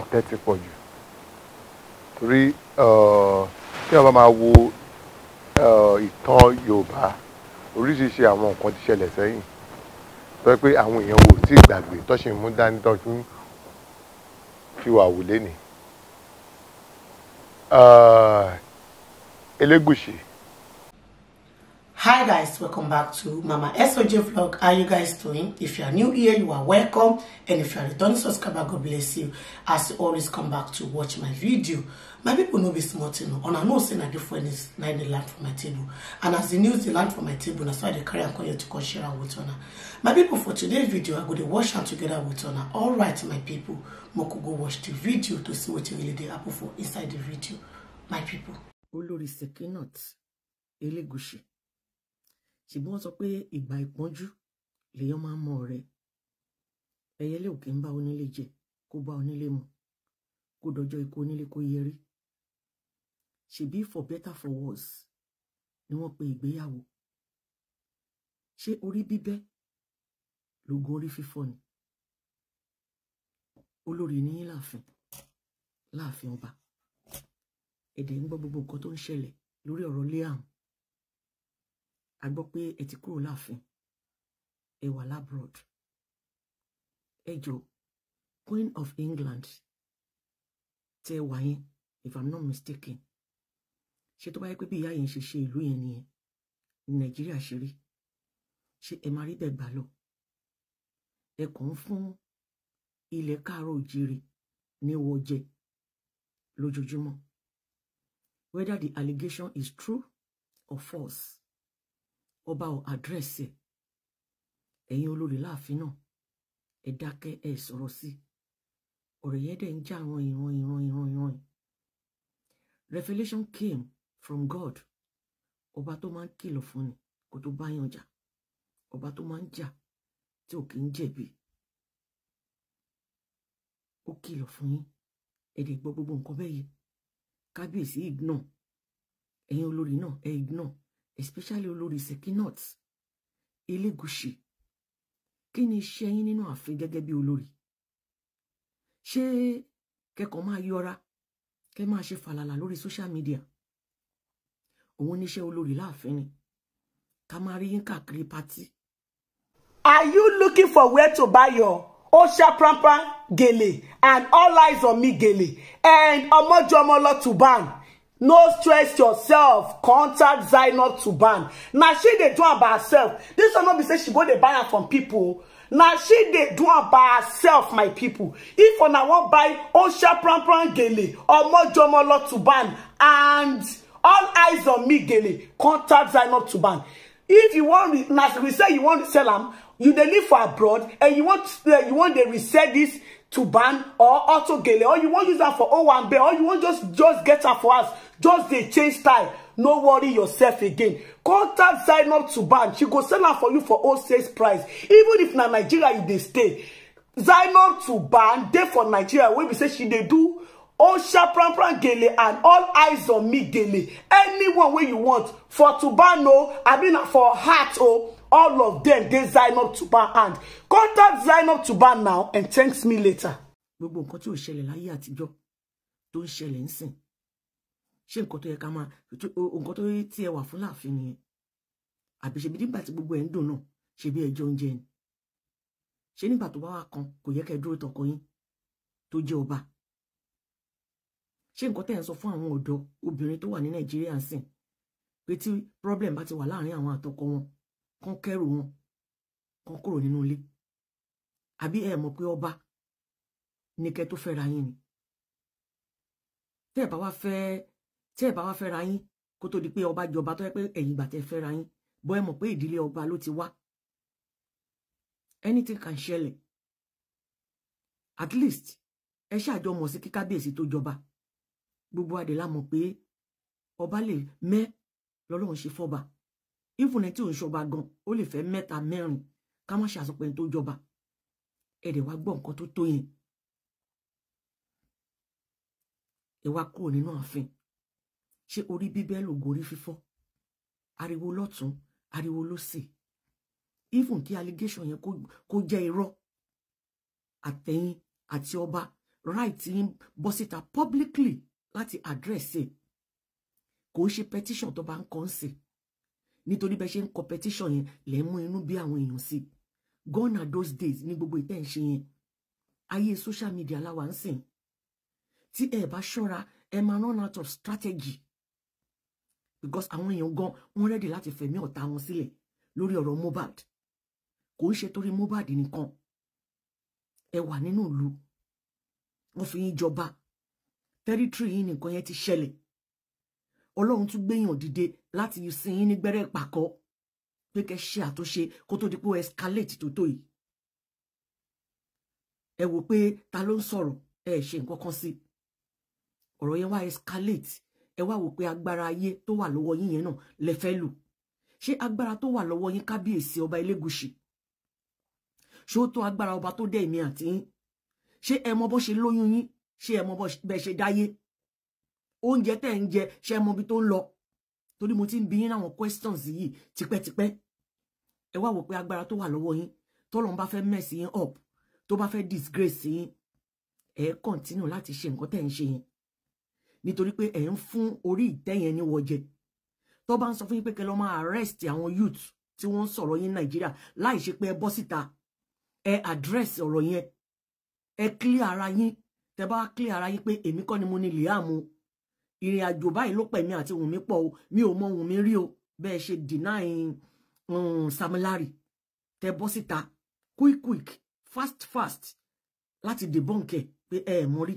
ọ̀tẹ̀ ti pọ̀ jù torí tí wọ́n bá máa wo ìtàn Yorùbá oríṣiríṣi àwọn nǹkan ti ṣẹlẹ̀ sẹ́yìn tó yẹ pé àwọn èèyàn wò tí ìgbàgbé tó mú dání tó fi wà wò lénìí Elégùṣì. Uh, hi guys welcome back to mama soj vlog how are you guys doing if you are new here you are welcome and if you are returning subscriber god bless you as you always come back to watch my video my people know be small thing and i know say na different is na dey land for my table and as the news dey land for my table na so i dey carry am come here to come share am with una my people for today video i go dey watch am together with una all right my people moko go watch the video to see wetin really dey happen for inside the video my people. olórí sekinat elegushi ṣùgbọ́n wọ́n sọ pé ìgbà ìpọ́njú lèèyàn máa ń mọ ọ̀rẹ́ ẹyẹlé ò kí ń bá onílé jẹ kó bá onílé mu kó dọjọ́ ikú onílé kó yẹrí ṣèbí for better for worse ni wọ́n pe ìgbéyàwó ṣé orí bíbẹ́ lóògùn orí fífọ́ ni olórí níyìn láàfin láàfin ọba ẹ̀dẹ̀ ń gbọ́ gbogbo nǹkan tó ń ṣẹlẹ̀ lórí ọ̀rọ̀ Liam a gbọ́ pé ẹ ti kúrò láàfin ẹ wà labroad ẹ Queen of England tẹ wà yẹn if i'm not mistaken ṣé tó bá yẹ pé bí ìyá yẹn ṣe ṣe ìlú yẹn nìyẹn nàìjíríà ṣe rí ṣé ẹ máa rí bẹ́ẹ̀ gbà lọ ẹ kàn ń fún ilẹ̀ káàárọ̀ òjìrì ní wọjẹ lójoojúmọ́ whether the allegation is true or false ọba ò àdírẹ́sì ẹ̀yin olórí láàfin náà ẹ dákẹ́ ẹ sọ̀rọ̀ sí ọ̀rọ̀ yẹn dẹ̀ ń já ìran ìran ìran ìran ìran revelation came from God ọba tó máa ń kìlọ̀ fún ni kó tó bá yàn jà ọba tó máa ń jà tí ò kì í jẹ̀bi ó kìlọ̀ fún yín ẹ̀dẹ̀ gbọ́ gbogbo nǹkan bẹ́ẹ̀ yìí kábíyèsí ignore ẹ̀yin olórí náà ẹ ignore especially olórí Sekinat Elegushi kí ni iṣẹ́ yín nínú ààfin gẹ́gẹ́ bí olórí ṣé kẹ́kọ̀ọ́ máa yọra kẹ́ máa ṣe fàlàlà lórí social media òun níṣẹ́ olórí láàfin ni ká máa rí yín káàkiri pátí. Are you looking for where to buy your Osha Prampa gele and all eyes on me gele and Omojumolo to ban? no stress yourself contact zainab ban. na she dey do am by herself This one no be say she go dey buy am from people. na she dey do am by herself my people. if una wan buy osha pranpran gele or to ban and all eyes on me gele contact zainab ban. if you wan na we say you wan sell am you dey live for abroad and you want uh, you want dey resell this to ban or auto gele or you wan use am for owambe or you wan just just get am for house just dey change style no worry yourself again contact sign up to she go sell am for you for wholesale price even if na nigeria you dey stay zainab tuban dey for nigeria wey be say she dey do osha pranpran gele and all eyes on me gele anyone wey you want for tuban o i mean for heart o oh. all of dem dey zainab tuban hand contact zainab tuban now and thanks me later. gbogbo nǹkan tí ò ṣẹlẹ̀ láyé àtijọ́ tó ń ṣẹlẹ̀ ń sìn ṣé nǹkan tó yẹ ká máa nǹkan tó tí ẹ wà fún láàfin nìyẹn àbí ṣebí nígbà tí gbogbo ẹ ń dùn náà ṣebí ẹ jẹ oúnjẹ ni ṣé nígbà tó bá wà kan kò yẹ ká ẹ dúró tọkọ yín tó jẹ ọba ṣé nǹkan tẹ́ ẹ̀ ń sọ fún àwọn ọ̀dọ́ obìnrin tó wà ní nàìjíríà sìn pé tí problem bá ti wà láàrin àwọn àtọkọ wọn kán kẹrù wọn kán kúrò nínú ilé àbí ẹ mọ̀ pé ọba ní kẹ́ tó fẹ́ra yín ni tẹ́ bá wá fẹ́ẹ́ tí ẹ bá wá fẹ́ra yín kó tó di pé ọba jọba tó yẹ pé ẹ̀yìn ìgbà tẹ fẹ́ra yín bọ́ ẹ mọ̀ pé ìdílé ọba ló ti wá anything can ṣẹlẹ̀ at least ẹ ṣàjọ mọ̀ sí kí kábíyèsí tó jọba gbogbo adé la mọ̀ pé ọba lè mẹ́ lọ́lọ́run ṣe fọ́ba ìfúnẹ tí òun ṣọba gan ó lè fẹ́ mẹ́ta mẹ́rin ká má ṣàsọpẹ́ tó jọba ẹ̀dẹ̀ wá gbọ́ nǹkan tó tó yẹn ẹ wá kúrò nínú ààfin ṣé orí bíbẹ́ lògo orí fífọ́ ariwo lọ́tún ariwo lọ́sì even kí allegation yẹn kó jẹ́ irọ́ àtẹ̀yìn àti ọba right yín bọ́ síta publicly láti address ẹ̀ kò ṣe petition tó bá ń kọ́ ń sè nítorí bẹ́ẹ̀ ṣe ń kọ petition yẹn lè mú inú bí àwọn èèyàn sí gone are those days ní gbogbo ìtẹ́ ń ṣe yẹn ayé social media láwa ń sìn tí ẹ bá ṣọ́ra ẹ máa run out of strategy because àwọn èèyàn gan wọ́n rẹ́dì láti fẹ̀mí ọ̀tá wọn sílẹ̀ lórí ọ̀rọ̀ Mohbad kò ń ṣe torí Mohbad nìkan ẹ wà nínú ìlú wọ́n fi yín jọba tẹrítírì yín nìkan yẹn ti ṣẹlẹ̀ Ọlọ́run tún gbéyàn dìde láti sin yín ní pàkọ́ pé kẹ́ ṣe àtúnṣe kó tó di pé escalate tó tó yìí ẹ wò pé ta ló ń sọ̀rọ̀ ẹ ṣe nǹkan kan sí ọ̀rọ̀ yẹn wá escalate ẹ wá wò pé agbára ayé tó wà lọ́wọ́ yín yẹn náà lẹ fẹ́ lò ṣé agbára tó wà lọ́wọ́ yín kábíyèsí ọba Elégùṣì ṣé ó tó agbára ọba tó dé èmi àti yín ṣé ẹ mọ bó ṣe lóyún yín ṣé ẹ mọ bẹ ṣe dáyé oúnjẹ tẹ́ ń jẹ ṣé mọ ibi tó ń lọ torí mo ti ń bi yín láwọn questions yìí tipẹ́tipẹ́ ẹ wá wò pé agbára tó wà lọ́wọ́ yín tọ́lọ́n bá fẹ́ mess yín up tó bá fẹ́ disgrace yín ẹ continue láti ṣe nǹkan tẹ́ ń ṣe yín nítorí pé ẹ̀ ń fún orí ìtẹ́ yẹn ní wọ́jẹ tó bá ń sọ fún yín pé kẹ́ lọ máa arrest àwọn youth tí wọ́n ń sọ̀rọ̀ yín nàìjíríà láì ṣe pé ẹ bọ́ síta ẹ address ọ̀rọ̀ yẹn ẹ clear ara yín tẹ́ bá clear ara yín pé èmi kọ́ ni mo ní Liam o ìrìn àjò báyìí ló pẹ̀mí àti Wùnmí pọ̀ o mi ò mọ Wùnmí rí o bẹ́ẹ̀ ṣe deny um, Sam Larry tẹ́ bọ́ síta quick quick fast fast láti debunk ẹ pé ẹ ẹ̀ mọ́ rí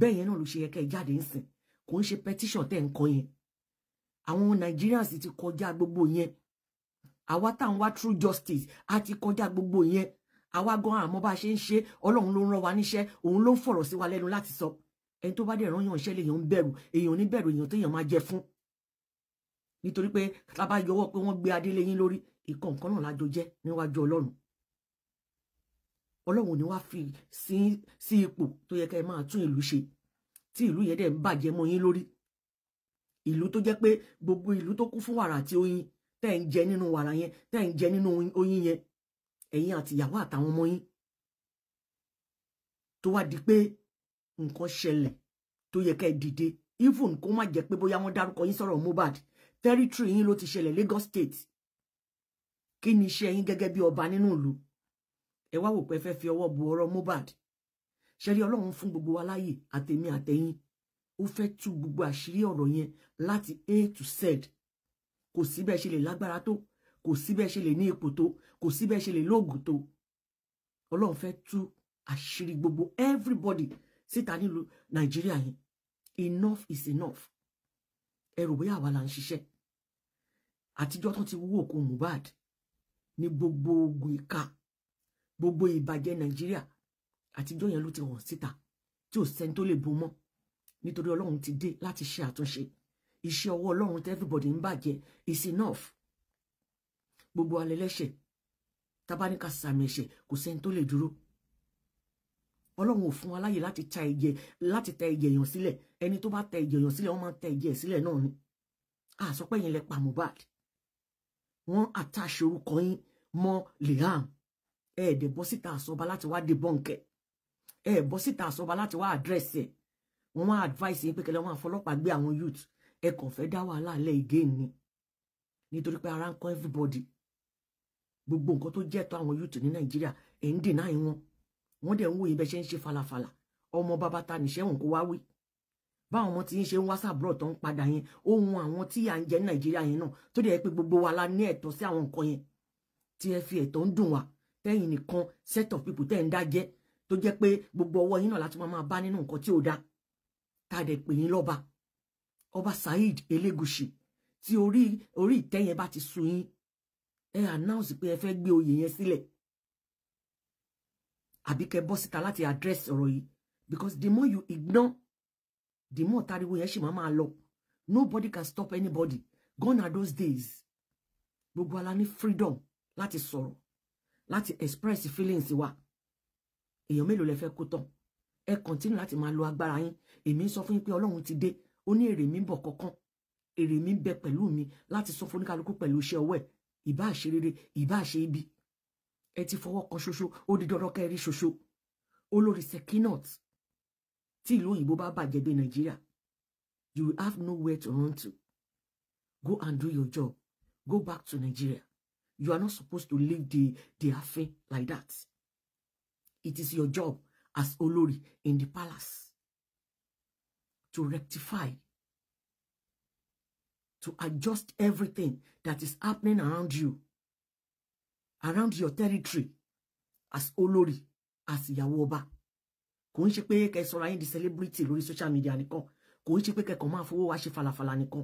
bẹ́ẹ̀ yẹn náà ló ṣe yẹ kẹ́ ẹ jáde ń sìn kò ń ṣe petition tẹ́ ń kọ yẹn àwọn Nigerians ti kọjá gbogbo yẹn àwa tá à ń wá true justice a ti kọjá gbogbo yẹn àwa gan àmọ́ bá a ṣe ń ṣe Ọlọ́run ló ń rán wa níṣẹ́ òun ló ń fọ̀rọ̀ sí wa lẹ́nu láti sọ ẹni tó bá dẹ̀ rán yàn iṣẹ́ lèèyàn ń bẹ̀rù èèyàn ní bẹ̀rù èèyàn téèyàn máa jẹ fún nítorí pé tá a bá yọwọ́ pé wọ́n gbé adélé yín lórí ìkọ̀ǹkan náà lájọ jẹ́ níwájú Ọlọ́run ọlọ́run ni wàá fi sí ipò tó yẹ ká ẹ máa tún ìlú ṣe tí ìlú yẹn dẹ̀ ń bàjẹ́ mọ́ yín lórí ìlú tó jẹ́ pé gbogbo ìlú tó kún fún wàrà àti oyin tẹ́ ń jẹ nínú wàrà yẹn tẹ́ ń jẹ nínú oyin yẹn ẹ̀yin àtìyàwó àtàwọn ọmọ yín tó wá di pé nǹkan ṣẹlẹ̀ tó yẹ ká ẹ dìde even kó má jẹ́ pé bóyá wọ́n dárúkọ yín sọ̀rọ̀ Mohbad territory yín ló ti ṣẹlẹ̀ Lagos State kí ni iṣẹ́ yín gẹ́gẹ́ bí ọba nínú ìlú ẹ wá wò pé fẹ́ fi ọwọ́ bu ọ̀rọ̀ Mohbad ṣe rí ọlọ́run fún gbogbo wa láyè àtèmi àtẹ̀yìn ó fẹ́ tú gbogbo àṣírí ọ̀rọ̀ yẹn láti a to z kò sí bẹ́ẹ̀ ṣe lè lágbára tó kò sí bẹ́ẹ̀ ṣe lè ní ipò tó kò sí bẹ́ẹ̀ ṣe lè lóògùn tó ọlọ́run fẹ́ tú àṣírí gbogbo everybody síta nílùú nàìjíríà yẹn enough is enough ẹrù bóyá àwa là ń ṣiṣẹ́ àtijọ́ tó ti wú òkú Mohbad ní gbogbo ogun ìka gbogbo ìbàjẹ́ nàìjíríà àtijọ́ yẹn ló ti hàn síta tí ò sẹ́ni tó lè bo mọ́ nítorí ọlọ́run ti dé láti ṣe àtúnṣe iṣẹ́ ọwọ́ ọlọ́run tí everybody ń bàjẹ́ is enough gbogbo alẹ́lẹ́ṣẹ̀ tábánikà sàmì ẹ̀ṣẹ̀ kò sẹ́ni tó lè dúró ọlọ́run ò fún wa láyè láti ta ẹ̀jẹ̀ láti ta ẹ̀jẹ̀ èèyàn sílẹ̀ ẹni tó bá ta ẹ̀jẹ̀ èèyàn sílẹ̀ wọ́n máa ń ta ẹ̀jẹ̀ sílẹ̀ náà ni àsọpẹ́yìn lẹ pa Mohbad wọ́n àtàṣe orúkọ yín mọ́ Liam ẹ ẹ dẹ bọ́ síta àsọba láti wá debunk ẹ ẹ bọ́ síta àsọba láti wá address ẹ wọn á advice yín pé kẹlẹ wọn àfọlọ́pàá gbé àwọn youth ẹ kàn fẹ́ dá wàhálà alẹ again ni nítorí pé ara ń everybody gbogbo nǹkan tó jẹ́ tọ́ àwọn youth ni nàìjíríà ẹ̀ ń na wọn wọn dẹ̀ ń wòye bẹ́ ṣe ń ṣe falafala ọmọ bàbá ta nìṣẹ́ wọn kó wá wí báwọn ọmọ tí ń ṣe ń wásà búrọ̀ tó ń padà ohun àwọn tí à ń jẹ ní nàìjíríà yẹn náà tó gbogbo wa la ni ẹ̀tọ́ sí àwọn nǹkan yẹn tí ẹ fi ẹ̀tọ́ ń wa tẹ́yìn nìkan set of people tẹ́yìn dájẹ́ tó jẹ́ pé gbogbo ọwọ́ yín náà láti máa bá nínú nǹkan tí ò da tá a dẹ̀ pè yín lọ́ba ọba Saheed Elegushi tí orí orí ìtẹ́ yẹn bá ti sú yín ẹ announce pé ẹ fẹ́ gbé oyè yẹn sílẹ̀ àbí kẹ́ bọ́ síta láti address ọ̀rọ̀ yìí because the more you ignore the more tariwo yẹn ṣì máa máa lọ nobody can stop anybody gone are those days gbogbo ala ní freedom láti sọ̀rọ̀ láti express feelings wa èèyàn mélòó lẹ fẹ́ kó tán ẹ kọ̀ntínú láti máa lo agbára yín èmi ń sọ fún yín pé ọlọ́run ti dé ó ní èrè mi ń bọ̀ kankan èrè mi ń bẹ pẹ̀lú mi láti sọ fún oníkálukú pẹ̀lú iṣẹ́ ọwọ́ ẹ̀ ìbá ṣe rere ìbá ṣe ibi ẹ ti fọwọ́ kan ṣoṣo ó di dandan kẹ́ ẹ rí ṣoṣo olórí sekinot tí ìlú òyìnbó bá bàjẹ́ dé nàìjíríà you will have nowhere to run to go and do your job go back to Nigeria You are not supposed to leave the, the affair like that. It is your job as Olori in the palace to rectify, to adjust everything that is happening around you, around your territory as Olori, as Yawoba. Kò ń ṣe pé kẹ́ sọra yín di celebrity lórí social media nìkan. Kò ń ṣe pé kẹ́ máa fowó wá ṣe falafala nìkan.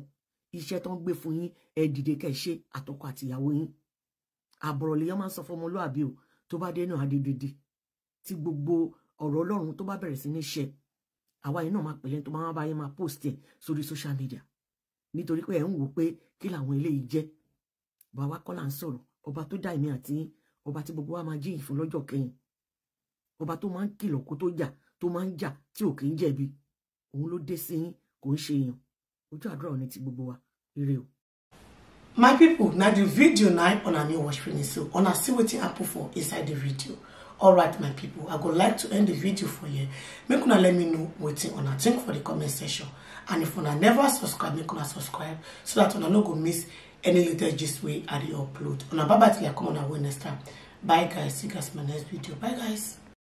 Iṣẹ́ tó ń gbé fún yín ẹ dìde kẹ́ ṣe àtọkọ àtìyàwó yín àbọ̀rọ̀ lèèyàn máa ń sọ fọmọlúàbí o tó bá dé náà adédèdè tí gbogbo ọ̀rọ̀ ọlọ́run tó bá bẹ̀rẹ̀ sí ní ṣe àwa yìí náà máa pẹ̀lẹ́ tó máa bá yẹn máa post ẹ̀ sórí social media nítorí pé ẹ̀ ń wò pé kí làwọn eléyìí jẹ́ bàbá kọ́lá ń sọ̀rọ̀ ọba tó dá èmi àti ọba tí gbogbo wa máa jí ìfún lọ́jọ́ kẹyìn ọba tó máa ń kìlọ̀ kó tó jà tó máa ń jà tí ò kì í jẹ̀bi òun ló dé sí kò ń ṣe èèyàn ojú àdúrà ò ní ti gbogbo wa ire o my people now the video na una new watch finish so On una see wetin happen for inside the video All right, my people i would like to end the video for you. make una let me know wetin una think for the comment section and if una never subscribe make una subscribe so that una no go miss any latest gist way i dey upload una bye bye till i come on a next time bye guys see you guys in my next video bye guys